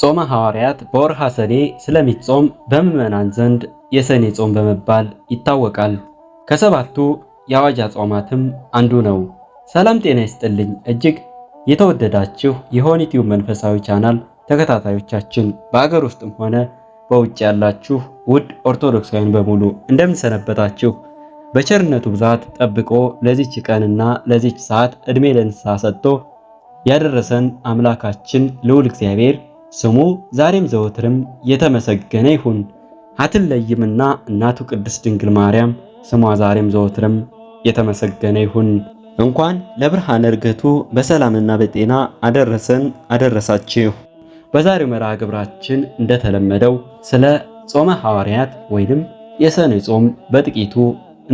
ጾመ ሐዋርያት በወርሃ ሰኔ ስለሚጾም በምዕመናን ዘንድ የሰኔ ጾም በመባል ይታወቃል። ከሰባቱ የአዋጅ አጽዋማትም አንዱ ነው። ሰላም ጤና ይስጥልኝ። እጅግ የተወደዳችሁ የሆኒቲው መንፈሳዊ ቻናል ተከታታዮቻችን በአገር ውስጥም ሆነ በውጭ ያላችሁ ውድ ኦርቶዶክሳውያን በሙሉ እንደምንሰነበታችሁ በቸርነቱ ብዛት ጠብቆ ለዚች ቀንና ለዚች ሰዓት ዕድሜ ለንስሐ ሰጥቶ ያደረሰን አምላካችን ልዑል እግዚአብሔር ስሙ ዛሬም ዘወትርም የተመሰገነ ይሁን። አትለይምና እናቱ ቅድስት ድንግል ማርያም ስሟ ዛሬም ዘወትርም የተመሰገነ ይሁን። እንኳን ለብርሃነ ዕርገቱ በሰላምና በጤና አደረሰን አደረሳችሁ። በዛሬው መርሃ ግብራችን እንደተለመደው ስለ ጾመ ሐዋርያት ወይንም የሰኔ ጾም በጥቂቱ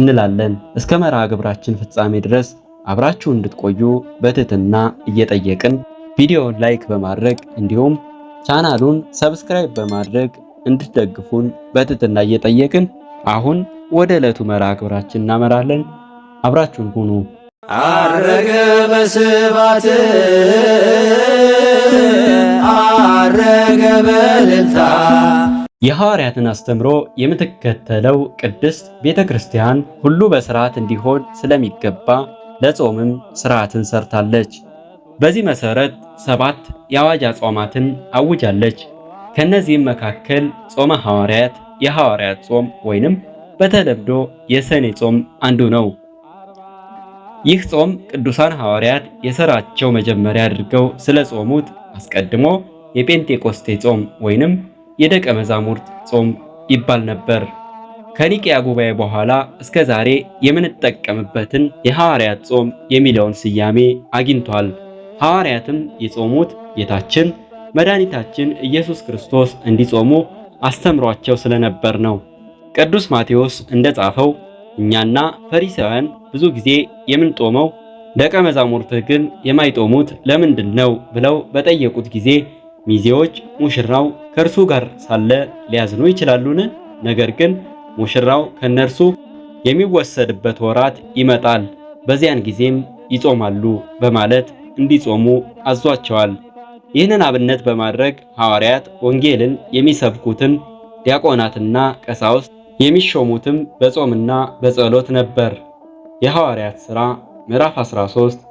እንላለን። እስከ መርሃ ግብራችን ፍጻሜ ድረስ አብራችሁ እንድትቆዩ በትህትና እየጠየቅን ቪዲዮውን ላይክ በማድረግ እንዲሁም ቻናሉን ሰብስክራይብ በማድረግ እንድትደግፉን በትህትና እየጠየቅን አሁን ወደ ዕለቱ መርሃ ግብራችን እናመራለን። አብራችሁን ሁኑ። አረገ በስባት አረገ በልልታ የሐዋርያትን አስተምሮ የምትከተለው ቅድስት ቤተ ክርስቲያን ሁሉ በስርዓት እንዲሆን ስለሚገባ ለጾምም ስርዓትን ሰርታለች። በዚህ መሰረት ሰባት የአዋጅ አጽዋማትን አውጃለች። ከነዚህም መካከል ጾመ ሐዋርያት፣ የሐዋርያት ጾም ወይንም በተለምዶ የሰኔ ጾም አንዱ ነው። ይህ ጾም ቅዱሳን ሐዋርያት የሰራቸው መጀመሪያ አድርገው ስለ ጾሙት አስቀድሞ የጴንጤቆስቴ ጾም ወይንም የደቀ መዛሙርት ጾም ይባል ነበር። ከኒቅያ ጉባኤ በኋላ እስከ ዛሬ የምንጠቀምበትን የሐዋርያት ጾም የሚለውን ስያሜ አግኝቷል። ሐዋርያትም የጾሙት ጌታችን መድኃኒታችን ኢየሱስ ክርስቶስ እንዲጾሙ አስተምሯቸው ስለነበር ነው። ቅዱስ ማቴዎስ እንደጻፈው እኛና ፈሪሳውያን ብዙ ጊዜ የምንጦመው ደቀ መዛሙርትህ ግን የማይጦሙት ለምንድን ነው ብለው በጠየቁት ጊዜ ሚዜዎች ሙሽራው ከእርሱ ጋር ሳለ ሊያዝኑ ይችላሉን? ነገር ግን ሙሽራው ከነርሱ የሚወሰድበት ወራት ይመጣል፣ በዚያን ጊዜም ይጾማሉ በማለት እንዲጾሙ አዟቸዋል። ይህንን አብነት በማድረግ ሐዋርያት ወንጌልን የሚሰብኩትን ዲያቆናትና ቀሳውስት የሚሾሙትም በጾምና በጸሎት ነበር። የሐዋርያት ሥራ ምዕራፍ 13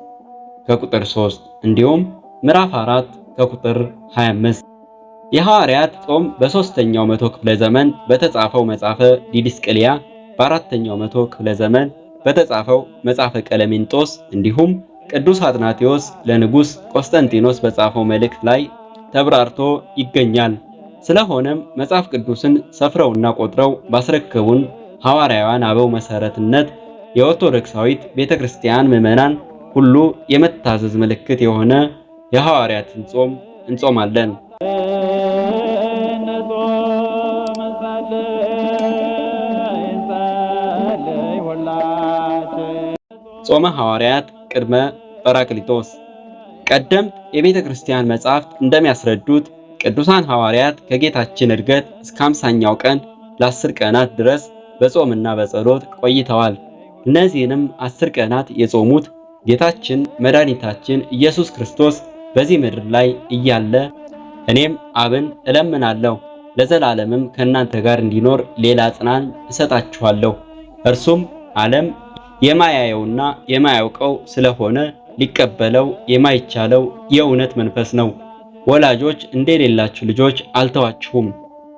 ከቁጥር 3 እንዲሁም ምዕራፍ 4 ከቁጥር 25። የሐዋርያት ጾም በሦስተኛው መቶ ክፍለ ዘመን በተጻፈው መጽሐፈ ዲድስቅልያ፣ በአራተኛው መቶ ክፍለ ዘመን በተጻፈው መጽሐፈ ቀለሜንጦስ እንዲሁም ቅዱስ አትናቴዎስ ለንጉሥ ቆስጠንጢኖስ በጻፈው መልእክት ላይ ተብራርቶ ይገኛል። ስለሆነም መጽሐፍ ቅዱስን ሰፍረውና ቆጥረው ባስረከቡን ሐዋርያውያን አበው መሰረትነት የኦርቶዶክሳዊት ቤተክርስቲያን ምዕመናን ሁሉ የመታዘዝ ምልክት የሆነ የሐዋርያትን ጾም እንጾማለን። ጾመ ሐዋርያት ቅድመ ጰራቅሊጦስ ቀደምት የቤተ ክርስቲያን መጻሕፍት እንደሚያስረዱት ቅዱሳን ሐዋርያት ከጌታችን ዕርገት እስከ አምሳኛው ቀን ለአስር ቀናት ድረስ በጾምና በጸሎት ቆይተዋል። እነዚህንም አስር ቀናት የጾሙት ጌታችን መድኃኒታችን ኢየሱስ ክርስቶስ በዚህ ምድር ላይ እያለ እኔም አብን እለምናለሁ ለዘላለምም ከእናንተ ጋር እንዲኖር ሌላ ጽናን እሰጣችኋለሁ እርሱም ዓለም የማያየውና የማያውቀው ስለሆነ ሊቀበለው የማይቻለው የእውነት መንፈስ ነው። ወላጆች እንደሌላችሁ ልጆች አልተዋችሁም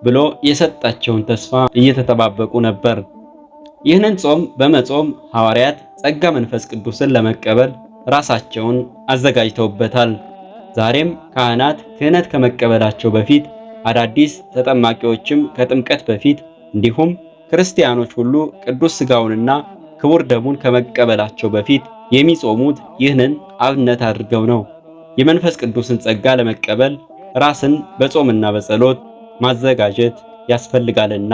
ብሎ የሰጣቸውን ተስፋ እየተጠባበቁ ነበር። ይህንን ጾም በመጾም ሐዋርያት ጸጋ መንፈስ ቅዱስን ለመቀበል ራሳቸውን አዘጋጅተውበታል። ዛሬም ካህናት ክህነት ከመቀበላቸው በፊት አዳዲስ ተጠማቂዎችም ከጥምቀት በፊት እንዲሁም ክርስቲያኖች ሁሉ ቅዱስ ሥጋውንና ክቡር ደሙን ከመቀበላቸው በፊት የሚጾሙት ይህንን አብነት አድርገው ነው። የመንፈስ ቅዱስን ጸጋ ለመቀበል ራስን በጾምና በጸሎት ማዘጋጀት ያስፈልጋልና።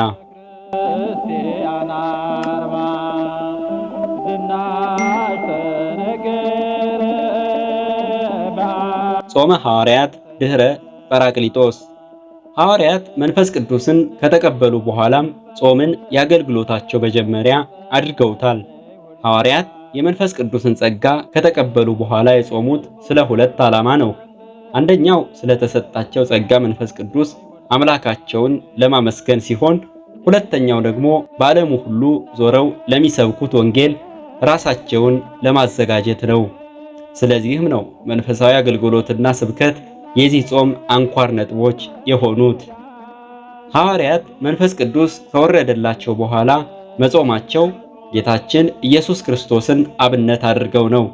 ጾመ ሐዋርያት ድኅረ ጰራቅሊጦስ ሐዋርያት መንፈስ ቅዱስን ከተቀበሉ በኋላም ጾምን የአገልግሎታቸው መጀመሪያ አድርገውታል። ሐዋርያት የመንፈስ ቅዱስን ጸጋ ከተቀበሉ በኋላ የጾሙት ስለ ሁለት ዓላማ ነው። አንደኛው ስለተሰጣቸው ጸጋ መንፈስ ቅዱስ አምላካቸውን ለማመስገን ሲሆን ሁለተኛው ደግሞ በዓለሙ ሁሉ ዞረው ለሚሰብኩት ወንጌል ራሳቸውን ለማዘጋጀት ነው። ስለዚህም ነው መንፈሳዊ አገልግሎትና ስብከት የዚህ ጾም አንኳር ነጥቦች የሆኑት ሐዋርያት መንፈስ ቅዱስ ከወረደላቸው በኋላ መጾማቸው ጌታችን ኢየሱስ ክርስቶስን አብነት አድርገው ነው።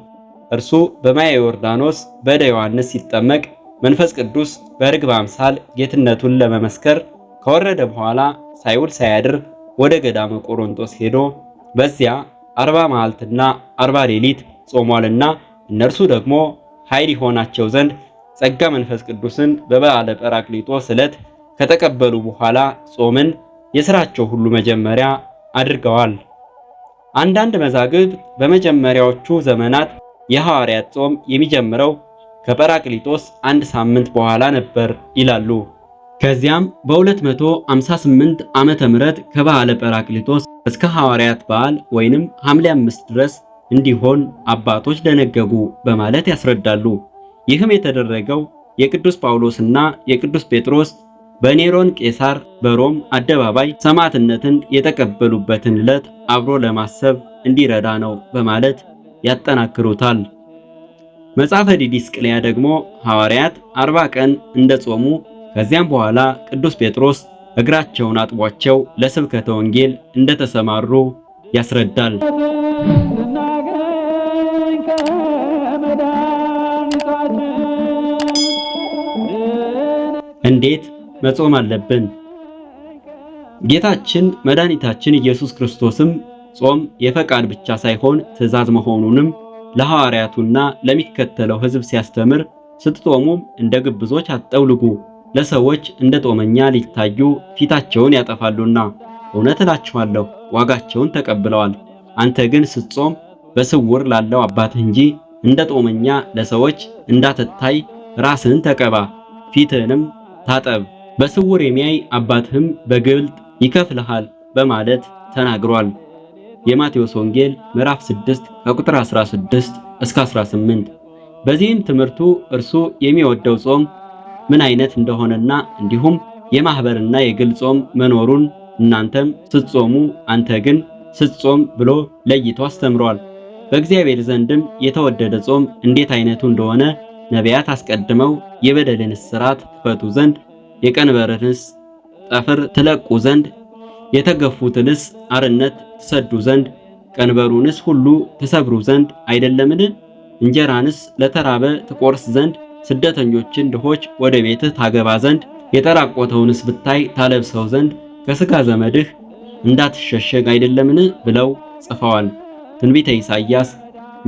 እርሱ በማየ ዮርዳኖስ በደ ዮሐንስ ሲጠመቅ መንፈስ ቅዱስ በርግብ አምሳል ጌትነቱን ለመመስከር ከወረደ በኋላ ሳይውል ሳያድር ወደ ገዳመ ቆሮንቶስ ሄዶ በዚያ አርባ መዓልትና አርባ ሌሊት ጾሟልና እነርሱ ደግሞ ኃይል ይሆናቸው ዘንድ ጸጋ መንፈስ ቅዱስን በበዓለ ጰራቅሊጦስ ዕለት ከተቀበሉ በኋላ ጾምን የሥራቸው ሁሉ መጀመሪያ አድርገዋል። አንዳንድ መዛግብት በመጀመሪያዎቹ ዘመናት የሐዋርያት ጾም የሚጀምረው ከጰራቅሊጦስ አንድ ሳምንት በኋላ ነበር ይላሉ። ከዚያም በ258 ዓመተ ምህረት ከበዓለ ጰራቅሊጦስ እስከ ሐዋርያት በዓል ወይንም ሐምሌ 5 ድረስ እንዲሆን አባቶች ደነገጉ በማለት ያስረዳሉ። ይህም የተደረገው የቅዱስ ጳውሎስና የቅዱስ ጴጥሮስ በኔሮን ቄሳር በሮም አደባባይ ሰማዕትነትን የተቀበሉበትን ዕለት አብሮ ለማሰብ እንዲረዳ ነው በማለት ያጠናክሩታል። መጽሐፈ ዲዲስቅልያ ደግሞ ሐዋርያት አርባ ቀን እንደጾሙ ከዚያም በኋላ ቅዱስ ጴጥሮስ እግራቸውን አጥቧቸው ለስብከተ ወንጌል እንደተሰማሩ ያስረዳል። እንዴት መጾም አለብን? ጌታችን መድኃኒታችን ኢየሱስ ክርስቶስም ጾም የፈቃድ ብቻ ሳይሆን ትእዛዝ መሆኑንም ለሐዋርያቱና ለሚከተለው ሕዝብ ሲያስተምር ስትጦሙም እንደ ግብዞች አትጠውልጉ፣ ለሰዎች እንደ ጦመኛ ሊታዩ ፊታቸውን ያጠፋሉና እውነት እላችኋለሁ ዋጋቸውን ተቀብለዋል። አንተ ግን ስትጾም በስውር ላለው አባትህ እንጂ እንደ ጦመኛ ለሰዎች እንዳትታይ ራስህን ተቀባ ፊትህንም ታጠብ፣ በስውር የሚያይ አባትህም በግልጥ ይከፍልሃል በማለት ተናግሯል። የማቴዎስ ወንጌል ምዕራፍ 6 ከቁጥር 16 እስከ 18። በዚህም ትምህርቱ እርሱ የሚወደው ጾም ምን አይነት እንደሆነና እንዲሁም የማህበርና የግል ጾም መኖሩን እናንተም ስትጾሙ አንተ ግን ስትጾም ብሎ ለይቶ አስተምሯል። በእግዚአብሔር ዘንድም የተወደደ ጾም እንዴት አይነቱ እንደሆነ ነቢያት አስቀድመው የበደልን እስራት ትፈቱ ዘንድ የቀንበርንስ ጠፍር ትለቁ ዘንድ የተገፉትንስ አርነት ትሰዱ ዘንድ ቀንበሩንስ ሁሉ ትሰብሩ ዘንድ አይደለምን? እንጀራንስ ለተራበ ትቆርስ ዘንድ ስደተኞችን ድሆች ወደ ቤትህ ታገባ ዘንድ የተራቆተውንስ ብታይ ታለብሰው ዘንድ ከስጋ ዘመድህ እንዳትሸሸግ አይደለምን? ብለው ጽፈዋል። ትንቢተ ኢሳይያስ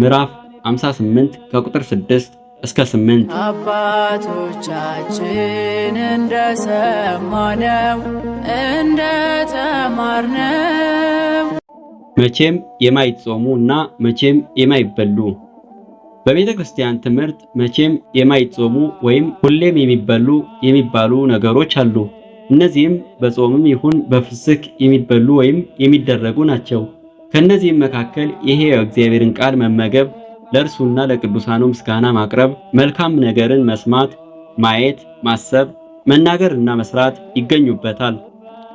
ምዕራፍ 58 ከቁጥር 6 እስከ ስምንት አባቶቻችን እንደሰማነው እንደተማርነው መቼም የማይጾሙ እና መቼም የማይበሉ በቤተ ክርስቲያን ትምህርት መቼም የማይጾሙ ወይም ሁሌም የሚበሉ የሚባሉ ነገሮች አሉ። እነዚህም በጾምም ይሁን በፍስክ የሚበሉ ወይም የሚደረጉ ናቸው። ከእነዚህም መካከል ይሄ የእግዚአብሔርን ቃል መመገብ ለእርሱና ለቅዱሳኑ ምስጋና ማቅረብ፣ መልካም ነገርን መስማት፣ ማየት፣ ማሰብ፣ መናገርና መስራት ይገኙበታል።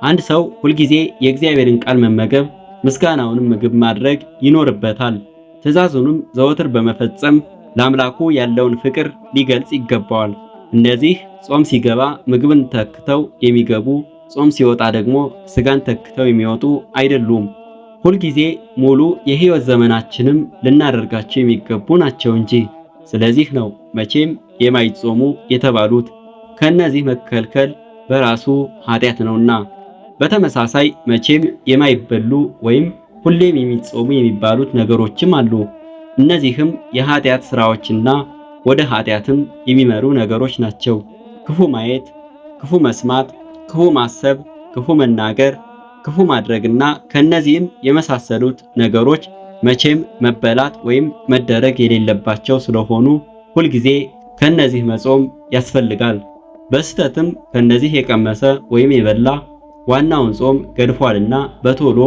አንድ ሰው ሁልጊዜ የእግዚአብሔርን ቃል መመገብ፣ ምስጋናውንም ምግብ ማድረግ ይኖርበታል። ትእዛዙንም ዘወትር በመፈጸም ለአምላኩ ያለውን ፍቅር ሊገልጽ ይገባዋል። እነዚህ ጾም ሲገባ ምግብን ተክተው የሚገቡ ጾም ሲወጣ ደግሞ ስጋን ተክተው የሚወጡ አይደሉም። ሁልጊዜ ሙሉ የህይወት ዘመናችንም ልናደርጋቸው የሚገቡ ናቸው እንጂ። ስለዚህ ነው መቼም የማይጾሙ የተባሉት ከነዚህ መከልከል በራሱ ኃጢአት ነውና። በተመሳሳይ መቼም የማይበሉ ወይም ሁሌም የሚጾሙ የሚባሉት ነገሮችም አሉ። እነዚህም የኃጢአት ስራዎችና ወደ ኃጢአትም የሚመሩ ነገሮች ናቸው። ክፉ ማየት፣ ክፉ መስማት፣ ክፉ ማሰብ፣ ክፉ መናገር ክፉ ማድረግና ከነዚህም የመሳሰሉት ነገሮች መቼም መበላት ወይም መደረግ የሌለባቸው ስለሆኑ ሁልጊዜ ከነዚህ መጾም ያስፈልጋል። በስተትም ከነዚህ የቀመሰ ወይም የበላ ዋናውን ጾም ገድፏልና በቶሎ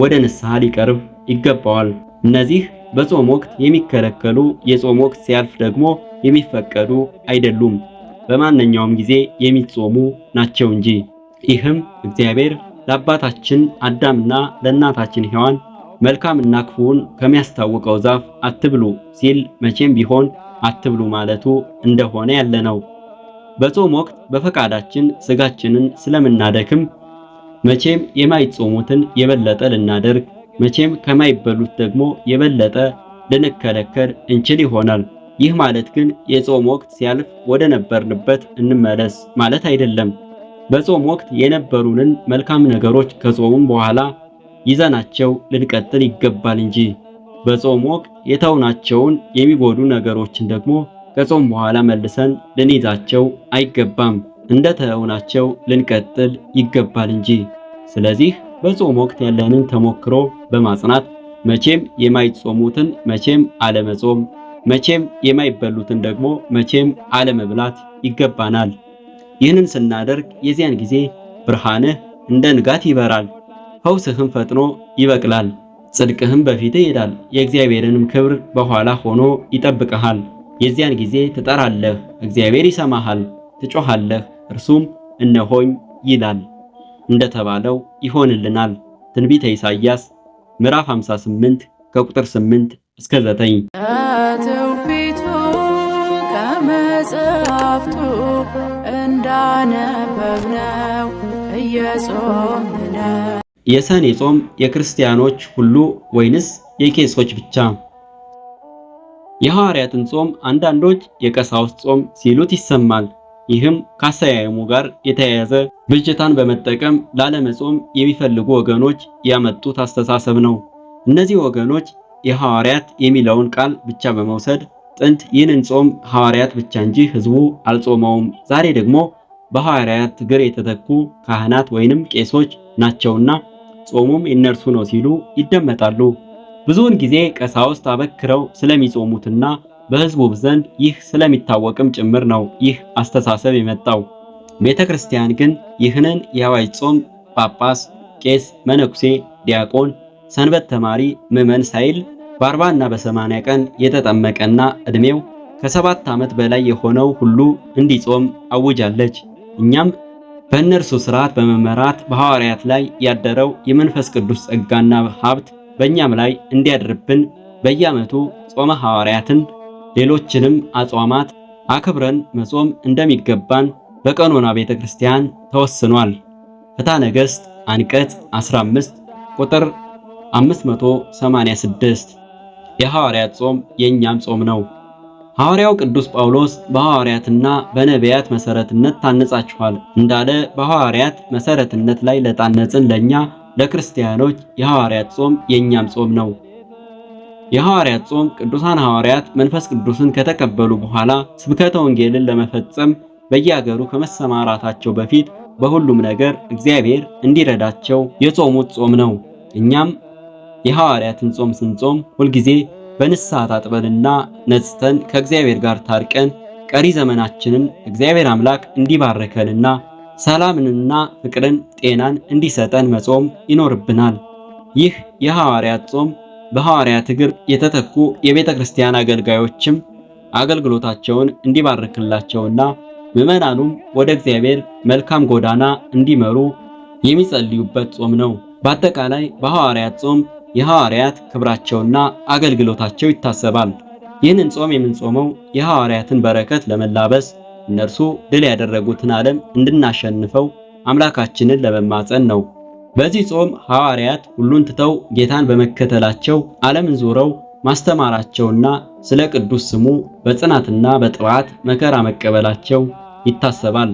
ወደ ንስሐ ሊቀርብ ይገባዋል። እነዚህ በጾም ወቅት የሚከለከሉ የጾም ወቅት ሲያልፍ ደግሞ የሚፈቀዱ አይደሉም፣ በማንኛውም ጊዜ የሚጾሙ ናቸው እንጂ ይህም እግዚአብሔር ለአባታችን አዳምና ለእናታችን ሔዋን መልካምና ክፉውን ከሚያስታውቀው ዛፍ አትብሉ ሲል መቼም ቢሆን አትብሉ ማለቱ እንደሆነ ያለ ነው። በጾም ወቅት በፈቃዳችን ስጋችንን ስለምናደክም መቼም የማይጾሙትን የበለጠ ልናደርግ መቼም ከማይበሉት ደግሞ የበለጠ ልንከለከል እንችል ይሆናል። ይህ ማለት ግን የጾም ወቅት ሲያልፍ ወደ ነበርንበት እንመለስ ማለት አይደለም። በጾም ወቅት የነበሩንን መልካም ነገሮች ከጾሙም በኋላ ይዘናቸው ልንቀጥል ይገባል እንጂ በጾም ወቅት የተውናቸውን የሚጎዱ ነገሮችን ደግሞ ከጾም በኋላ መልሰን ልንይዛቸው አይገባም፣ እንደ ተውናቸው ልንቀጥል ይገባል እንጂ። ስለዚህ በጾም ወቅት ያለንን ተሞክሮ በማጽናት መቼም የማይጾሙትን መቼም አለመጾም፣ መቼም የማይበሉትን ደግሞ መቼም አለመብላት ይገባናል። ይህንን ስናደርግ የዚያን ጊዜ ብርሃንህ እንደ ንጋት ይበራል፣ ፈውስህም ፈጥኖ ይበቅላል፣ ጽድቅህም በፊት ይሄዳል፣ የእግዚአብሔርንም ክብር በኋላ ሆኖ ይጠብቅሃል። የዚያን ጊዜ ትጠራለህ፣ እግዚአብሔር ይሰማሃል፣ ትጮሃለህ እርሱም እነሆኝ ይላል እንደተባለው ይሆንልናል። ትንቢተ ኢሳይያስ ምዕራፍ 58 ከቁጥር 8 እስከ 9 ከመጽሐፍቱ እያነበብነው የሰኔ ጾም የክርስቲያኖች ሁሉ ወይንስ የቄሶች ብቻ? የሐዋርያትን ጾም አንዳንዶች የቀሳውስት ጾም ሲሉት ይሰማል። ይህም ከአሰያየሙ ጋር የተያያዘ ብጅታን በመጠቀም ላለመጾም የሚፈልጉ ወገኖች ያመጡት አስተሳሰብ ነው። እነዚህ ወገኖች የሐዋርያት የሚለውን ቃል ብቻ በመውሰድ ጥንት ይህንን ጾም ሐዋርያት ብቻ እንጂ ሕዝቡ አልጾመውም፣ ዛሬ ደግሞ በሐዋርያት እግር የተተኩ ካህናት ወይንም ቄሶች ናቸውና ጾሙም የእነርሱ ነው ሲሉ ይደመጣሉ። ብዙውን ጊዜ ቀሳውስት አበክረው ስለሚጾሙትና በሕዝቡ ዘንድ ይህ ስለሚታወቅም ጭምር ነው ይህ አስተሳሰብ የመጣው። ቤተ ክርስቲያን ግን ይህንን የአዋጅ ጾም ጳጳስ፣ ቄስ፣ መነኩሴ፣ ዲያቆን፣ ሰንበት ተማሪ፣ ምዕመን ሳይል በአርባና በሰማንያ ቀን የተጠመቀና ዕድሜው ከሰባት ዓመት በላይ የሆነው ሁሉ እንዲጾም አውጃለች። እኛም በእነርሱ ስርዓት በመመራት በሐዋርያት ላይ ያደረው የመንፈስ ቅዱስ ጸጋና ሀብት በእኛም ላይ እንዲያድርብን በየዓመቱ ጾመ ሐዋርያትን ሌሎችንም አጽዋማት አክብረን መጾም እንደሚገባን በቀኖና ቤተ ክርስቲያን ተወስኗል። ፍትሐ ነገሥት አንቀጽ 15 ቁጥር 586 የሐዋርያት ጾም የእኛም ጾም ነው። ሐዋርያው ቅዱስ ጳውሎስ በሐዋርያትና በነቢያት መሰረትነት ታነጻችኋል እንዳለ በሐዋርያት መሰረትነት ላይ ለታነጽን ለኛ ለክርስቲያኖች የሐዋርያት ጾም የኛም ጾም ነው። የሐዋርያት ጾም ቅዱሳን ሐዋርያት መንፈስ ቅዱስን ከተቀበሉ በኋላ ስብከተ ወንጌልን ለመፈጸም በየአገሩ ከመሰማራታቸው በፊት በሁሉም ነገር እግዚአብሔር እንዲረዳቸው የጾሙት ጾም ነው። እኛም የሐዋርያትን ጾም ስንጾም ሁልጊዜ በንስሐ ታጥበንና ነጽተን ከእግዚአብሔር ጋር ታርቀን ቀሪ ዘመናችንን እግዚአብሔር አምላክ እንዲባርከንና ሰላምንና ፍቅርን ጤናን እንዲሰጠን መጾም ይኖርብናል። ይህ የሐዋርያት ጾም በሐዋርያት እግር የተተኩ የቤተ ክርስቲያን አገልጋዮችም አገልግሎታቸውን እንዲባርክላቸውና ምዕመናኑም ወደ እግዚአብሔር መልካም ጎዳና እንዲመሩ የሚጸልዩበት ጾም ነው። በአጠቃላይ በሐዋርያት ጾም የሐዋርያት ክብራቸውና አገልግሎታቸው ይታሰባል። ይህንን ጾም የምንጾመው የሐዋርያትን በረከት ለመላበስ እነርሱ ድል ያደረጉትን ዓለም እንድናሸንፈው አምላካችንን ለመማፀን ነው። በዚህ ጾም ሐዋርያት ሁሉን ትተው ጌታን በመከተላቸው ዓለምን ዞረው ማስተማራቸውና ስለ ቅዱስ ስሙ በጽናትና በጥዋት መከራ መቀበላቸው ይታሰባል።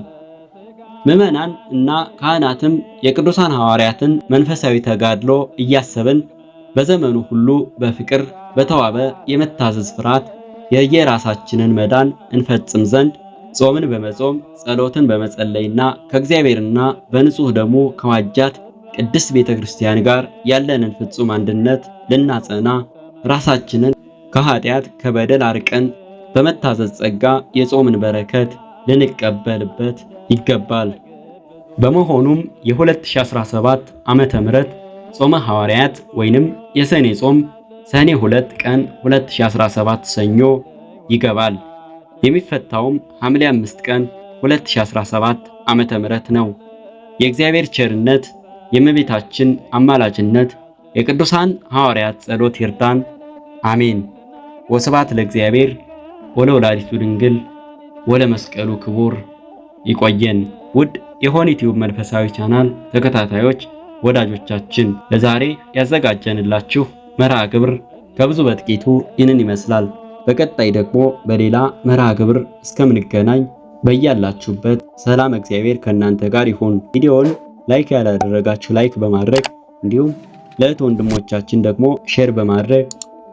ምዕመናን እና ካህናትም የቅዱሳን ሐዋርያትን መንፈሳዊ ተጋድሎ እያሰብን በዘመኑ ሁሉ በፍቅር በተዋበ የመታዘዝ ፍርሃት የየራሳችንን መዳን እንፈጽም ዘንድ ጾምን በመጾም ጸሎትን በመጸለይና ከእግዚአብሔርና በንጹሕ ደሙ ከዋጃት ቅድስት ቤተ ክርስቲያን ጋር ያለንን ፍጹም አንድነት ልናጸና ራሳችንን ከኃጢአት ከበደል አርቀን በመታዘዝ ጸጋ የጾምን በረከት ልንቀበልበት ይገባል። በመሆኑም የ2017 ዓመተ ምህረት ጾመ ሐዋርያት ወይንም የሰኔ ጾም ሰኔ 2 ቀን 2017 ሰኞ ይገባል። የሚፈታውም ሐምሌ 5 ቀን 2017 ዓመተ ምህረት ነው። የእግዚአብሔር ቸርነት የእመቤታችን አማላጅነት የቅዱሳን ሐዋርያት ጸሎት ይርዳን። አሜን። ወስባት ለእግዚአብሔር ወለወላዲቱ ድንግል ወለመስቀሉ ክቡር። ይቆየን። ውድ የሆኒ ቲዩብ መንፈሳዊ ቻናል ተከታታዮች ወዳጆቻችን ለዛሬ ያዘጋጀንላችሁ መርሃ ግብር ከብዙ በጥቂቱ ይህንን ይመስላል። በቀጣይ ደግሞ በሌላ መርሃ ግብር እስከምንገናኝ በያላችሁበት ሰላም እግዚአብሔር ከእናንተ ጋር ይሁን። ቪዲዮውን ላይክ ያላደረጋችሁ ላይክ በማድረግ እንዲሁም ለእህት ወንድሞቻችን ደግሞ ሼር በማድረግ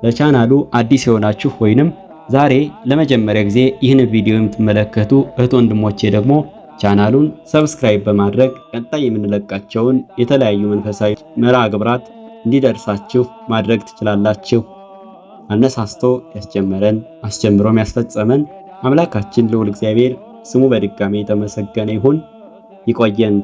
ለቻናሉ አዲስ የሆናችሁ ወይንም ዛሬ ለመጀመሪያ ጊዜ ይህን ቪዲዮ የምትመለከቱ እህት ወንድሞቼ ደግሞ ቻናሉን ሰብስክራይብ በማድረግ ቀጣይ የምንለቃቸውን የተለያዩ መንፈሳዊ መርሃ ግብራት እንዲደርሳችሁ ማድረግ ትችላላችሁ። አነሳስቶ ያስጀመረን አስጀምሮም ያስፈጸመን አምላካችን ልዑል እግዚአብሔር ስሙ በድጋሚ የተመሰገነ ይሁን። ይቆየን።